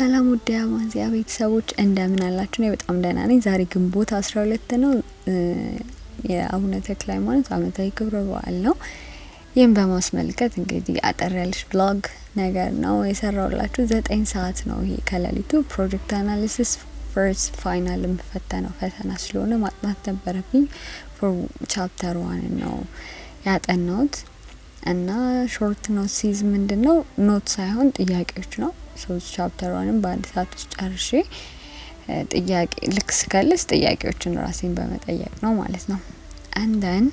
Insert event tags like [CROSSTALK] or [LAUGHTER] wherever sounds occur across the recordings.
ሰላም ውድ የአማዚያ ቤተሰቦች እንደምን አላችሁ? እኔ በጣም ደህና ነኝ። ዛሬ ግንቦት ሁለት ነው፣ የአቡነ ተክለ ሃይማኖት አመታዊ ክብረ በዓል ነው። ይህም በማስመልከት እንግዲህ አጠር ያለች ብሎግ ነገር ነው የሰራውላችሁ። ዘጠኝ ሰዓት ነው ይሄ ከሌሊቱ። ፕሮጀክት አናሊሲስ ፈርስት ፋይናል የምፈተነው ፈተና ስለሆነ ማጥናት ነበረብኝ። ቻፕተር ዋን ነው ያጠናውት እና ሾርት ኖት ሲዝ ምንድን ነው ኖት ሳይሆን ጥያቄዎች ነው ሶስት ቻፕተሯንም በአንድ ሰዓት ውስጥ ጨርሼ ጥያቄ ልክ ስከልስ ጥያቄዎችን ራሴን በመጠየቅ ነው ማለት ነው። አንደን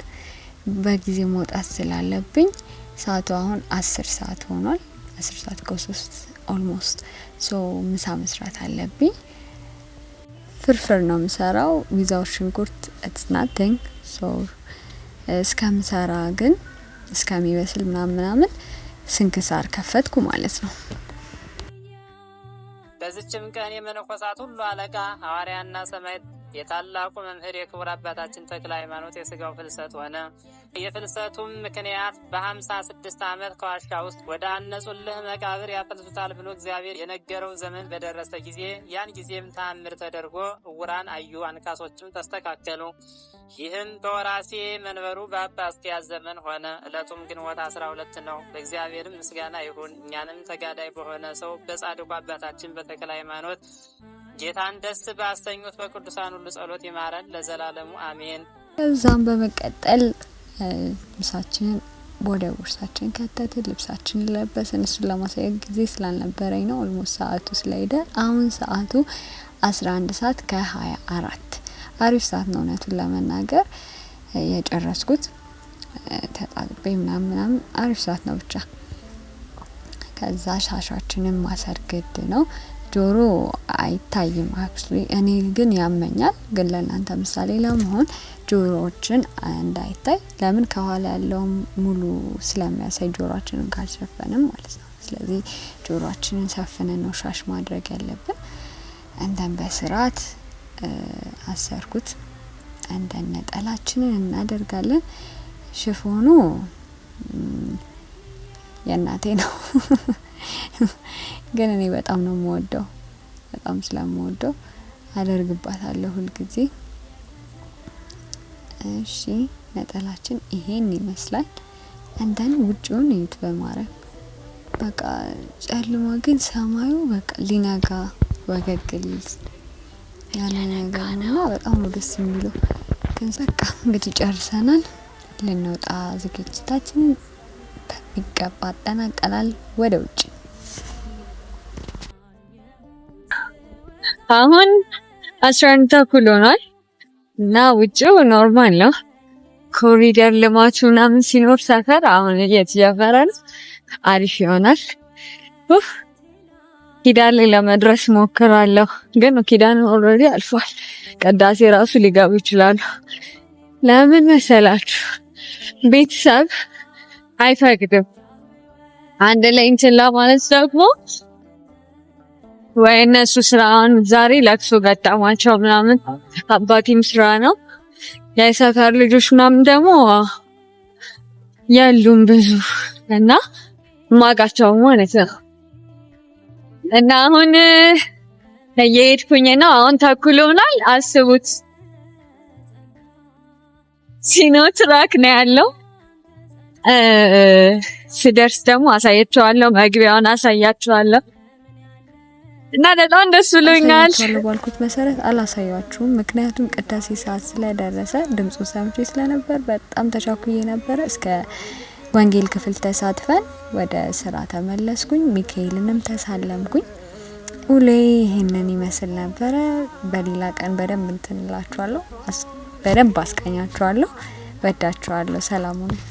በጊዜ መውጣት ስላለብኝ ሰዓቱ አሁን አስር ሰዓት ሆኗል። አስር ሰዓት ከሶስት ኦልሞስት ሶ ምሳ መስራት አለብኝ። ፍርፍር ነው የምሰራው ዊዛውት ሽንኩርት ኢትስ ናቲንግ ሶ እስከምሰራ ግን እስከሚበስል ምናምን ምናምን ስንክሳር ከፈትኩ ማለት ነው። በዚችም ቀን የመነኮሳት ሁሉ አለቃ ሐዋርያና ሰማዕት የታላቁ መምህር የክቡር አባታችን ተክለ ሃይማኖት የስጋው ፍልሰት ሆነ። የፍልሰቱም ምክንያት በሀምሳ ስድስት ዓመት ከዋሻ ውስጥ ወደ አነጹልህ መቃብር ያፈልሱታል ብሎ እግዚአብሔር የነገረው ዘመን በደረሰ ጊዜ ያን ጊዜም ተአምር ተደርጎ እውራን አዩ፣ አንካሶችም ተስተካከሉ። ይህም በወራሴ መንበሩ በአባ ዘመን ሆነ። ዕለቱም ግንቦት አስራ ሁለት ነው። ለእግዚአብሔርም ምስጋና ይሁን እኛንም ተጋዳይ በሆነ ሰው በጻድቁ አባታችን በተክለ ሃይማኖት ጌታን ደስ ባሰኙት በቅዱሳን ሁሉ ጸሎት ይማረን ለዘላለሙ አሜን። ከዛም በመቀጠል ምሳችንን ወደ ቦርሳችን ከተትን፣ ልብሳችን ለበስን። እሱን ለማሳየት ጊዜ ስላልነበረኝ ነው። ኦልሞስት ሰዓቱ ስለሄደ አሁን ሰዓቱ አስራ አንድ ሰዓት ከሀያ አራት አሪፍ ሰዓት ነው። እውነቱን ለመናገር የጨረስኩት ተጣጥቤ ምናምን ምናምን አሪፍ ሰዓት ነው ብቻ ከዛ ሻሻችንን ማሰርግድ ነው። ጆሮ አይታይም። አክቹሊ እኔ ግን ያመኛል። ግን ለእናንተ ምሳሌ ለመሆን ጆሮዎችን እንዳይታይ ለምን ከኋላ ያለውም ሙሉ ስለሚያሳይ ጆሮችንን ካልሸፈንም ማለት ነው። ስለዚህ ጆሮችንን ሸፍነን ነው ሻሽ ማድረግ ያለብን። እንደን በስርዓት አሰርኩት። እንደን ነጠላችንን እናደርጋለን። ሽፎኑ የእናቴ ነው [LAUGHS] ግን እኔ በጣም ነው የምወደው። በጣም ስለምወደው አደርግባታለሁ ሁልጊዜ። እሺ ነጠላችን ይሄን ይመስላል። እንደን ውጪውን እዩት በማረግ በቃ ጨልሞ ግን ሰማዩ በቃ ሊነጋ ወገግል ያለ ነገር ነው። በጣም ነው ደስ የሚለው ግን በቃ እንግዲህ ጨርሰናል። ልንወጣ ዝግጅታችን በሚገባ አጠናቀናል። ወደ ውጭ አሁን አስራ አንድ ተኩል ሆኗል እና ውጭው ኖርማል ነው። ኮሪደር ልማቱ ምናምን ሲኖር ሰፈር አሁን እየተጀመረ ነው፣ አሪፍ ይሆናል። ኪዳን ለመድረስ ሞክራለሁ፣ ግን ኪዳን ኦልሬዲ አልፏል። ቅዳሴ ራሱ ሊገቡ ይችላሉ። ለምን መሰላችሁ? ቤተሰብ አይፈቅድም አንድ ላይ እንትን ለማለት ደግሞ ወይ እነሱ ስራውን ዛሬ ለቅሶ ገጠማቸው ምናምን፣ አባቴም ስራ ነው። የሰፈር ልጆች ምናምን ደግሞ የሉም ብዙ እና ማቃቸው ማለት ነው። እና አሁን እየሄድኩኝ ነው። አሁን ተኩል ሆኗል። አስቡት ሲኖ ትራክ ነው ያለው። ስደርስ ደግሞ አሳያቸዋለሁ፣ መግቢያውን አሳያቸዋለሁ። እና በጣም ደስ ብሎኛል። ባልኩት መሰረት አላሳያችሁም፣ ምክንያቱም ቅዳሴ ሰዓት ስለደረሰ ድምፁ ሰምቼ ስለነበር በጣም ተቻኩዬ ነበረ። እስከ ወንጌል ክፍል ተሳትፈን ወደ ስራ ተመለስኩኝ። ሚካኤልንም ተሳለምኩኝ። ውሌ ይህንን ይመስል ነበረ። በሌላ ቀን በደንብ እንትንላችኋለሁ፣ በደንብ አስቀኛችኋለሁ። ወዳችኋለሁ። ሰላሙ ነው።